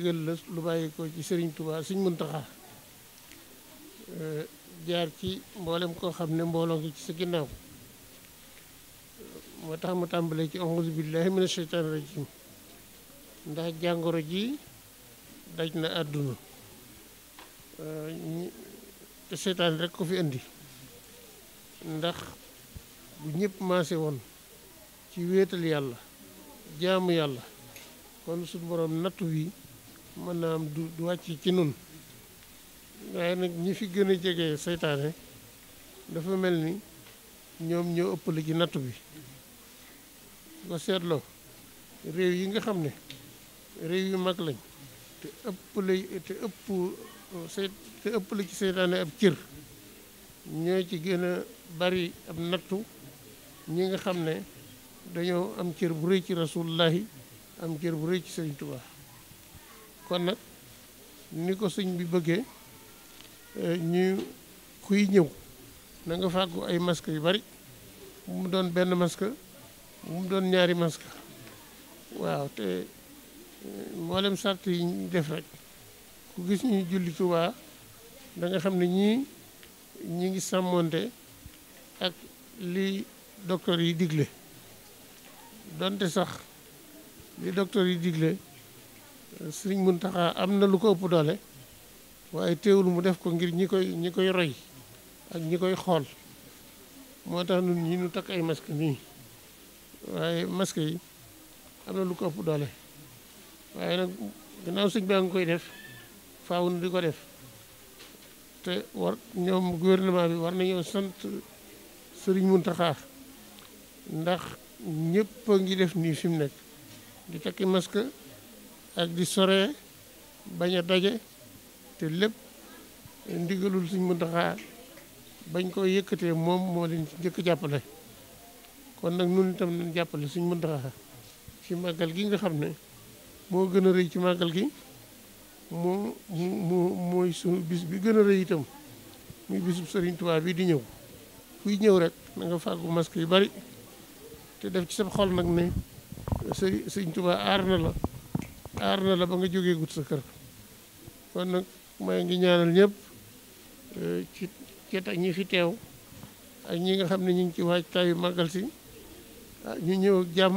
ndigal la lu bàyyi ko ci tubaa suñ Serigne Mountakha euh, jaar ci mboolem koo xam ne mbooloo ngi ci sa ginnaaw moo tax ma tàmbalee ci auzu billahi mina shaytaani rajim ndax jàngoro ji daj na àdduna euh, te seytaan rek ko fi indi ndax bu ñëpp maase woon ci wéetal yàlla jaamu yàlla kon suñu borom nattu wi mën naa am du wàcc ci nun waaye nag ñi fi gën a jege seytaane dafa mel ni ñoom ñoo ëpp ci nattu bi ko seetloo réew yi nga xam ne réew yu mag lañ te ëppale te ëpp sey te ëppale ci seytaane ab cër ñoo ci gën a bari ab nattu ñi nga xam ne dañoo am cër bu rëy ci rasulullahi am cër bu rëy ci Sëriñ Tuubaa kon nag ni ko sëñ bi bëggee eh, ñu kuy ñëw na nga fàggu ay masque yu bari bu mu doon benn masque bu mu doon ñaari masque waaw te eh, mboolem sart yi ñu def rek ku gis ñu julli Tuubaa da nga xam ne ñii ñi ngi sàmmoonte ak li docteur yi digle donte sax li docteur yi digle sëriñ taxaa am na lu ko ëpp doole waaye teewul mu def ko ngir ñi koy ñi koy roy ak ñi koy xool moo tax ñun ñi ñu takk ay masque nii waaye masque yi am na lu ko ëpp doole waaye nag ginnaaw sëñ baa nga koy def faaw di ko def te war ñoom gouvernement bi war nañoo sant sëriñ Muntaxa ndax ñëpp a ngi def nii fi mu nekk di takki masque ak di soree bañ a daje te lépp ndigalul suñ Muntaxa bañ ko yëkkatee moom moo leen ci njëkk jàppale kon nag nun itam nañ jàppale suñ Muntaxa ci màggal gi nga xam ne moo gën a rëy ci màggal gi moo moo mooy sunu bis bi gën a rëy itam muy bisub Sëriñ Tuubaa bii di ñëw kuy ñëw rek na nga fàggu masque yu bari te def ci sa xol nag ne sëriñ Sëriñ Tuubaa aar na la aar na la ba nga jógee gut sa kër kon nag maa ngi ñaanal ñëpp e, ci ak ñi fi teew ak ñi nga xam ne ñu ngi ci waaj taayu màggal si ah, ñu ñëw ak jàmm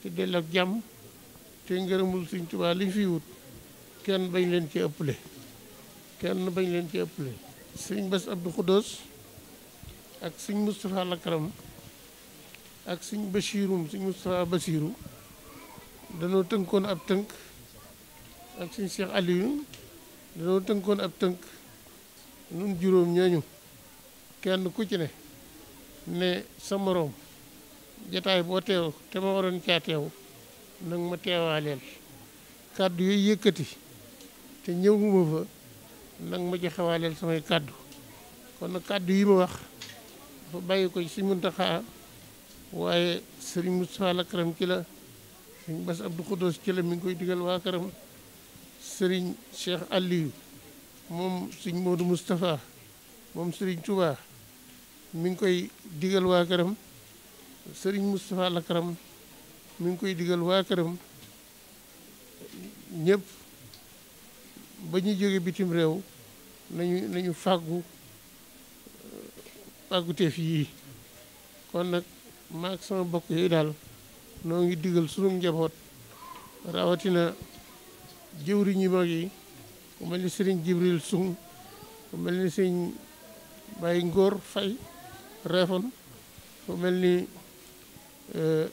te dellu ak jàmm te ngërëmul Sëñ Tuubaa li ñu fi wut kenn bañ leen ci ëpple kenn bañ leen ci ëpple sëñ Bass Abdou Khoudoss ak sëñ Moustapha Lakaram ak suñ Bachirum sëñ Moustapha Bachiru danoo tënkoon ab tënk ak suñu Cheikh Aliou danoo tënkoon ab tënk nun juróom ñooñu kenn ku ci ne ne sa moroom jataay boo teew te ma waroon caa teew nag ma teewaaleel kàddu yooyu yëkkati te ñëwuma fa nag ma joxewaaleel samay kàddu kon nag kàddu yi ma wax dafa bàyyi ko ci Sëriñ Muntaxa waaye Sëriñ Mustafaa Lakaram ci la sëñ Bass Abdou Khoudoss Thiele mi ngi koy digal waa këram sëriñ Cheikh Aliou moom sëñ Modou Moustapha moom sëriñ Touba mi ngi koy digal waa këram sëriñ Moustapha këram mi ngi koy digal waa këram ñëpp ba ñu jóge bitim réew nañu nañu fàggu fàgguteef yii kon nag maak sama bokk yooyu daal noo ngi digal sunu njaboot rawatina jëwriñ yu mag yi ku mel ni sëriñ Jibril Sum ku mel ni sëriñ Baye ngoor Fay Refon ku mel ni euh,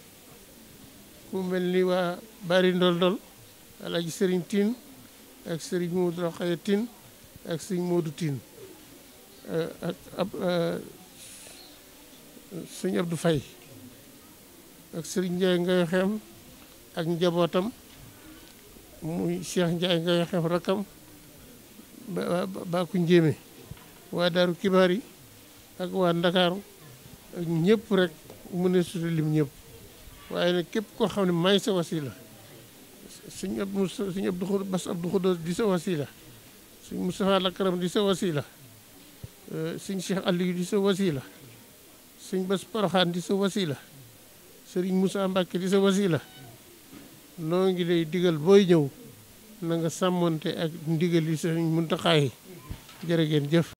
ku mel ni waa Bari Ndoldol Alaaji sëriñ Tine ak sëriñ Moodu Roxaya Tine ak sëriñ Moodu Tine euh, ak ab sëriñ Fay ak sëriñ Ndiaye Ngaye Xem ak njabootam muy Cheikh Ndiaye Ngaye Xem rakkam ba Baku Njéeme waa Daaru Kibaar yi ak waa Ndakaaru ak ñëpp rek mu ne sutu lim ñëpp waaye nag képp koo xam ne may sa wasila suñ ab suñ Abdu Xud Bas Abdu Xudoos di sa wasila suñ Moustapha Lakaram di sa wasila euh, suñ Cheikh Aliou di sa wasila suñ Bas Poroxaan di sa wasila sëriñ Moussa Mbacke di sa wasila noo ngi lay digal booy ñëw na nga sàmmonte ak ndigali sëriñ Muntaxa yi jërë jëf